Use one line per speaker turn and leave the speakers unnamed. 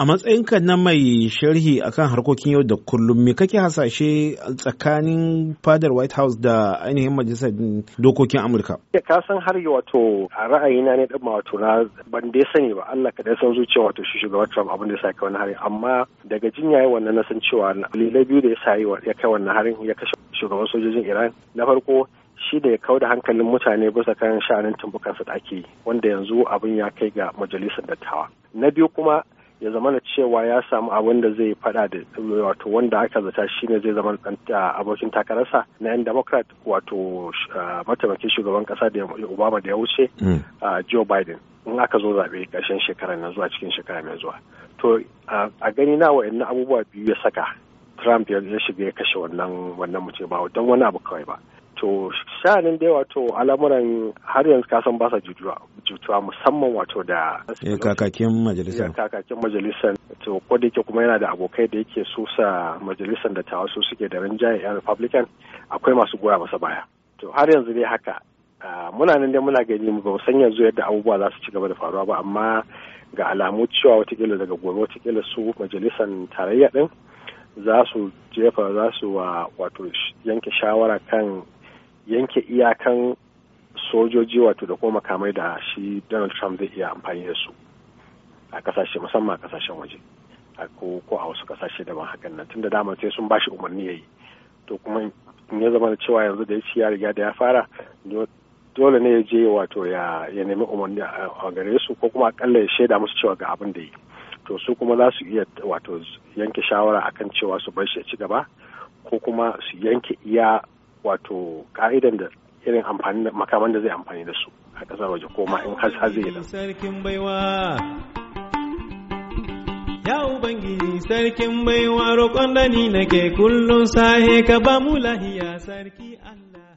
A matsayinka na mai sharhi akan harkokin yau da kullum me kake hasashe tsakanin fadar White House da ainihin majalisar dokokin Amurka? Ya ka san har wato a ra'ayina ne dan wato na ban dai sani ba Allah ka dai san zuciya wato shi shugaba Trump abin da ya kai wani harin amma daga jin yayi wannan na san cewa lilai biyu da ya sa ya kai wannan harin ya kashe shugaban sojojin Iran na farko shi da ya kau da hankalin mutane bisa kan sha'anin tumbukansa da ake yi wanda yanzu abin ya kai ga majalisar dattawa na biyu kuma ya zama da cewa ya samu abin da zai fada da wato wanda aka zata shine zai zama abokin takararsa na yan democrat wato mataimakin shugaban kasa da obama da ya wuce hmm. joe biden in aka zo zaɓe ƙarshen shekarar na zuwa cikin shekara mai zuwa to a gani na wa'annan abubuwa biyu ya saka trump ya shiga ya kashe wannan wannan mutum ba don wani abu kawai ba to sha'anin dai wato al'amuran har yanzu kasan ba sa jujjuwa cutuwa musamman wato da eh, kakakin majalisar kakakin majalisar to ko da yake kuma yana da abokai da yake susa majalisar da tawa su suke da rinjaye yan republican akwai masu goya masa baya to har yanzu dai haka muna nan dai muna gani mu ba san yanzu yadda abubuwa za su ci gaba da faruwa ba amma ga alamu cewa watakila daga gobe watakila su majalisar tarayya din za su jefa za su wato yanke shawara kan yanke iyakan sojoji wato da kuma makamai da shi donald trump zai iya amfani da su a kasashe musamman a kasashen waje ko a wasu kasashe daban hakan nan tun da dama sai sun bashi umarni yayi to kuma in ya zama da cewa yanzu da ya riga da ya fara dole ne ya je wato ya nemi umarni a gare su ko kuma akalla ya shaida musu cewa ga abin da yi to su kuma za su iya wato yanke shawara akan cewa su bar shi ya ci gaba ko kuma su yanke iya wato ka'idan da irin amfani da makaman da zai amfani da su a kasar waje ko ma in har zai yi sarkin baiwa ya ubangiji sarkin baiwa roƙon da ni nake kullum sahe ka ba mu lahiya sarki Allah